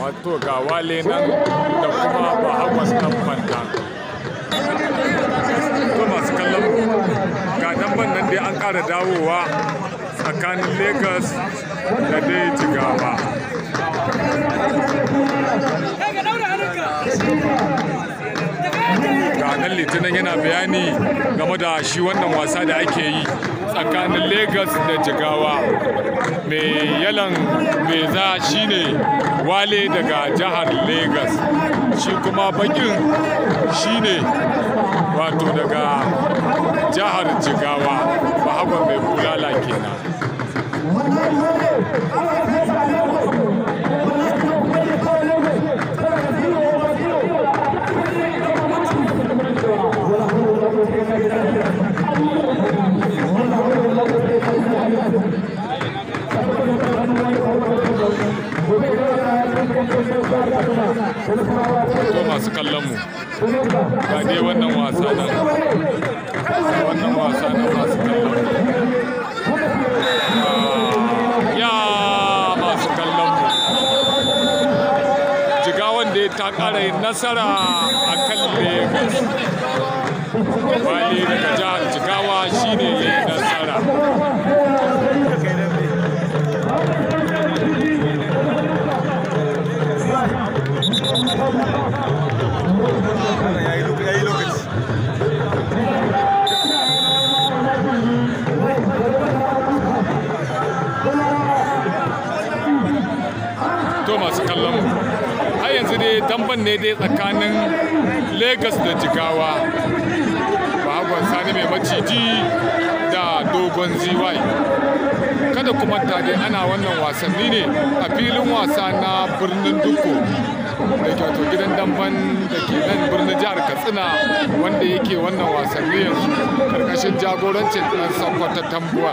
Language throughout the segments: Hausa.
wato ga wale nan da kuma ba hawas nan banta masu kallon ga dan nan dai an kara dawowa tsakanin lagos da dai jigawa ranar litinin yana bayani game da shi wannan wasa da ake yi tsakanin lagos da jigawa mai yalan mai shi ne wale daga jihar lagos shi kuma bakin ne wato daga jihar jigawa ba mai kula kenan dai wannan wasa na wannan wasa nan masu kallon ah, ya masu kallon mu jigawan da ta kara nasara a kan lagos wani daga jihar jigawa shine ya to masu kallon mu har yanzu dai tamban ne dai tsakanin lagos da jigawa bahagon sani mai maciji da dogon ziwai kada kuma tare ana wannan wasanni ne a filin wasa na birnin duko da ke wato gidan damban da ke nan birnin jihar katsina wanda yake wannan wasanni yanzu karkashin jagorancin ɗan sakwata tambuwa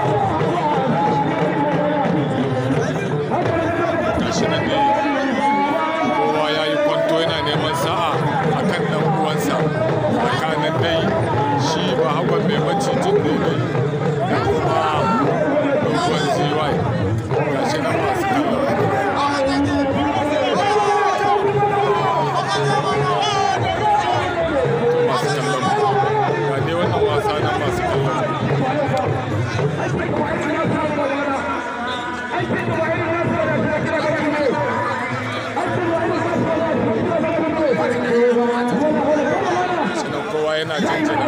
yana jinjina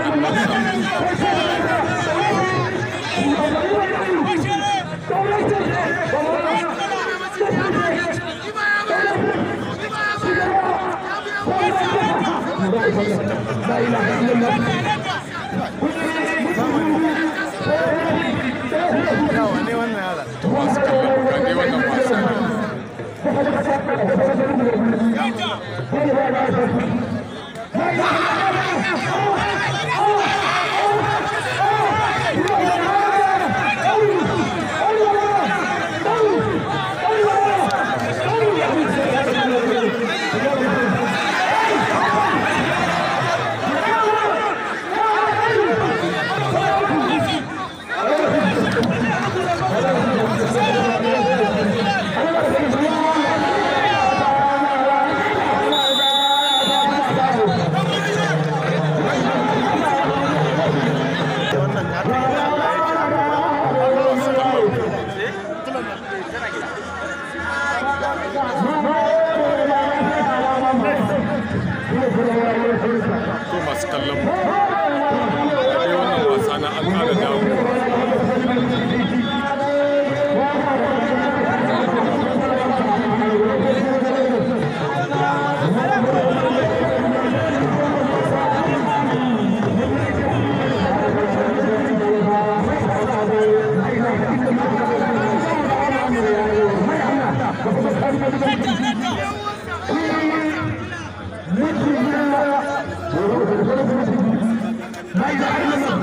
hannunsa ƙara dawo Haydi haydi.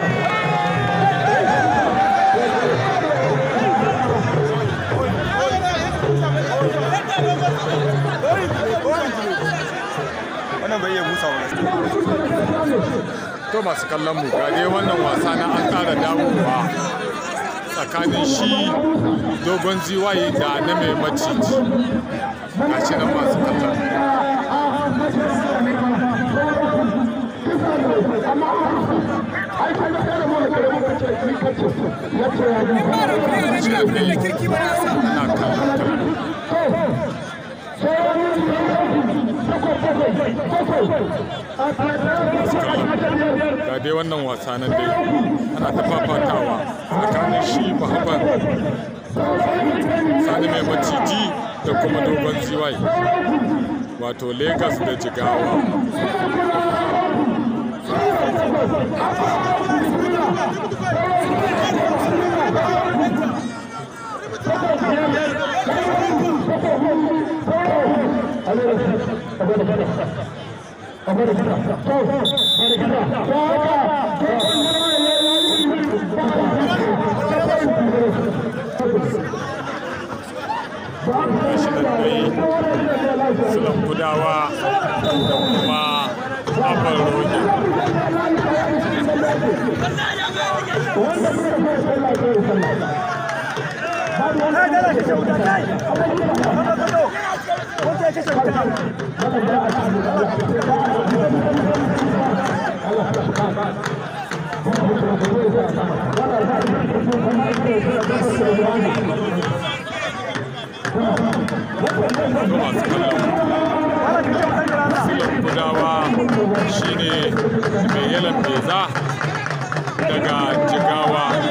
masu kallon mu ga dai wannan wasa na an ƙara dawowa tsakanin shi dogon ziwaye da na mai maciji ga shi nan masu kallon na kallon ga dai wannan wasa nan dai ana ta fafatawa tsakanin shi muhammad sani mai maciji da kuma dogon ziwai wato lagos da jigawa Thank you. sulan gudawa da kuma abin roƙi wanda wanda ya kashe wuta shine mai yalan beza daga jigawa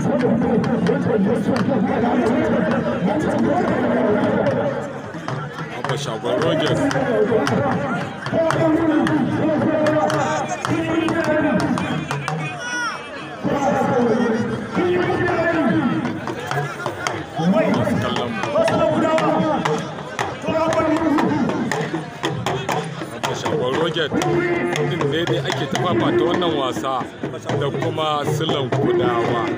Abba Shagun Rogers. ta wannan wasa da kuma silan kudawa.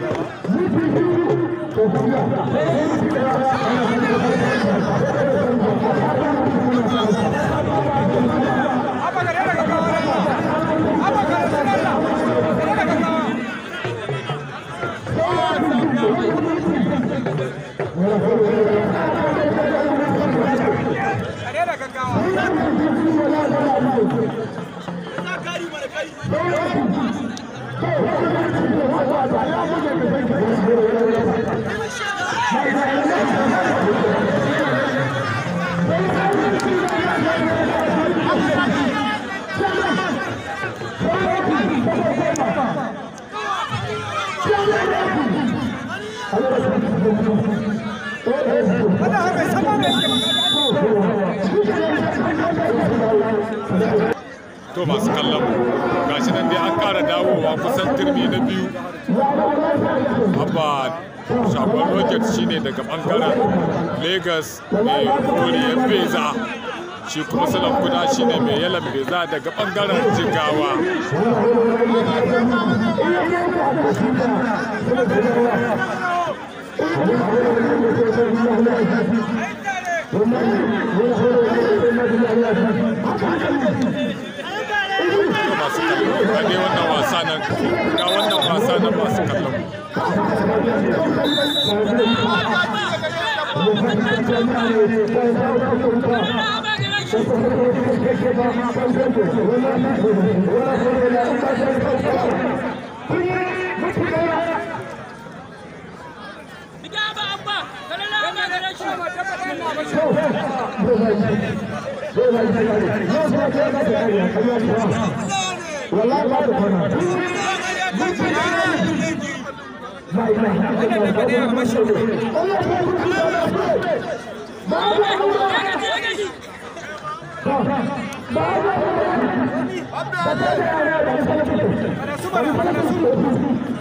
to masu kallon gashi nan dai an kara dawowa kusan turmi na biyu abba shagon rocket shine daga bangaren lagos mai koriyar beza shi kuma salon guda shine mai yalan beza daga bangaren jigawa Thank you. masu kallon ga dai wannan wasa nan ga wannan wasa masu kallon Thank you. والله ما بعد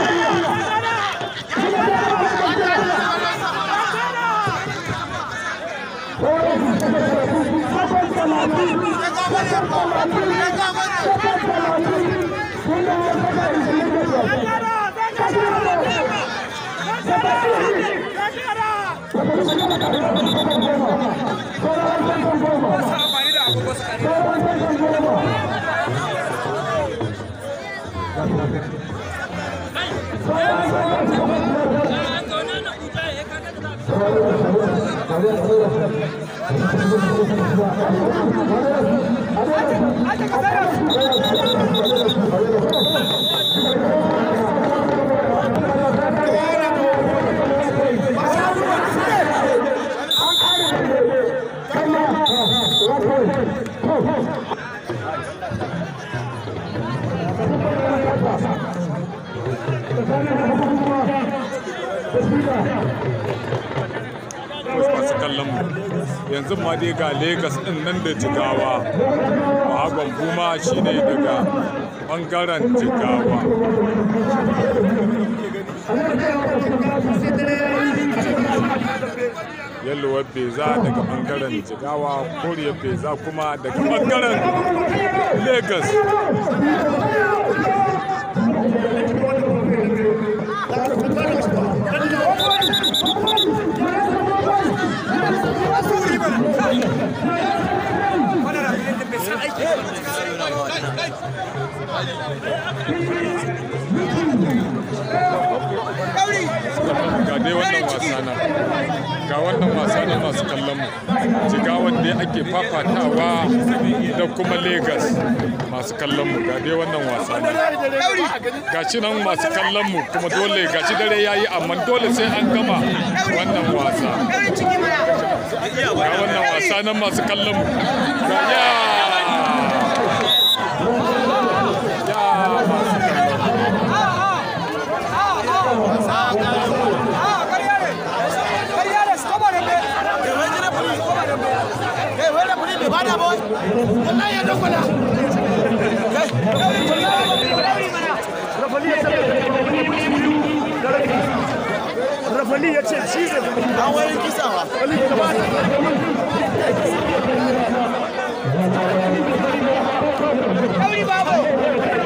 Hadi kazanalım. dai ga Legas ɗin nan da Jigawa. Mahagon kuma shi ne daga ɓangaren Jigawa. Yalwar Beza daga ɓangaren Jigawa, Koriyar Beza kuma daga bangaren Legas. ga dai wannan wasa na ga wannan wasa na masu kallon mu ga dai ake fafatawa da kuma Legas masu kallon mu ga dai wannan wasa na shi nan masu kallon mu kuma dole ga shi dare ya yayi amma dole sai an gama wannan wasa ga wannan wasa na masu kallon mu ga rafali ya ce shi zai an wani kisa ba wani gaba